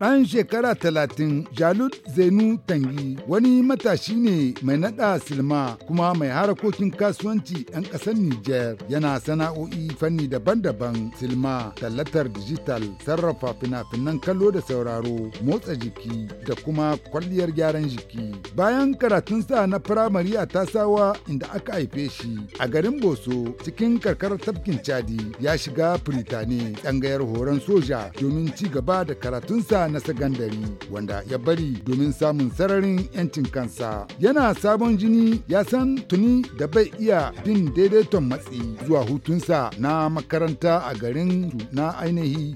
Ɗan shekara talatin Jalud Zainu Tangi wani matashi ne mai naɗa silma kuma mai harakokin kasuwanci ɗan ƙasar Nijar yana sana'o'i fanni daban-daban silma, tallatar dijital, sarrafa fina-finan kalo da sauraro, motsa jiki da kuma kwalliyar gyaran jiki. Bayan karatunsa na firamare a tasawa inda aka haife shi a garin Boso cikin karkarar tafkin Chadi ya shiga Firitane ɗangayar horon soja domin ci gaba da karatunsa na sakandare wanda ya bari domin samun sararin 'yancin kansa. Yana sabon jini ya san tuni da bai iya bin daidaiton matsi zuwa hutunsa na makaranta a garin na ainihi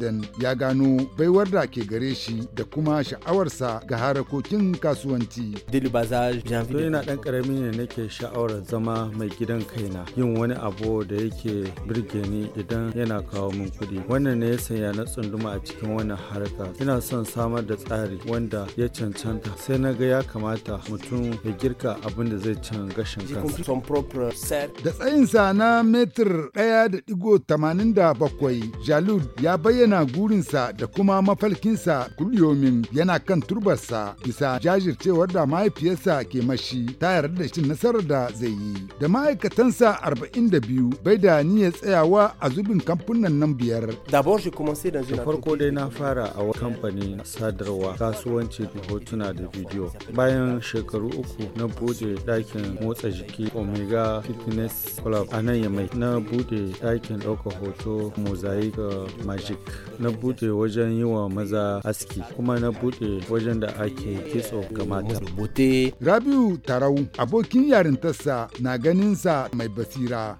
dan ya gano baiwar da ke gare shi da kuma sha'awarsa ga harakokin kasuwanci. yana ɗan ƙarami ne nake sha'awar zama mai gidan kaina yin wani abu da yake birge ni idan yana kawo min kuɗi. Wannan ne ya sanya na tsunduma a cikin wannan harkar haka ina son samar da tsari wanda ya cancanta sai na ga ya kamata mutum ya girka abin da zai can gashin kansa da tsayinsa na metir ɗaya da digo tamanin da bakwai jalud ya bayyana gurinsa da kuma mafalkinsa kuliyomin yana kan turbarsa bisa jajircewar da mahaifiyarsa ke mashi ta yarda da shi nasarar da zai yi da ma'aikatansa biyu bai da niyyar tsayawa a zubin kamfunan nan biyar da farko dai na fara a a kamfanin sadarwa kasuwanci da hotuna da bidiyo bayan shekaru uku na bude dakin motsa jiki omega fitness club a nan yamai na bude dakin ɗaukar hoto mosaic magic na bude wajen yi wa maza aski kuma na bude wajen da ake kitso ga mata rabiu tarau abokin yarintarsa na ganinsa mai basira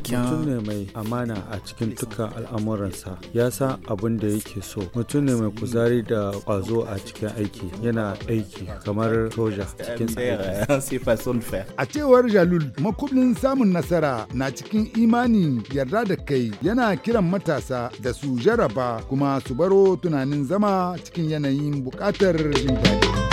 mutum ne mai amana a cikin dukkan al'amuransa ya san abin da yake so mutum ne mai kuzari da kwazo a cikin aiki yana aiki kamar soja cikin tsaye a cewar jalul makublin samun nasara na cikin imani yarda da kai yana kiran matasa da su jaraba kuma su baro tunanin zama cikin yanayin bukatar jin daɗi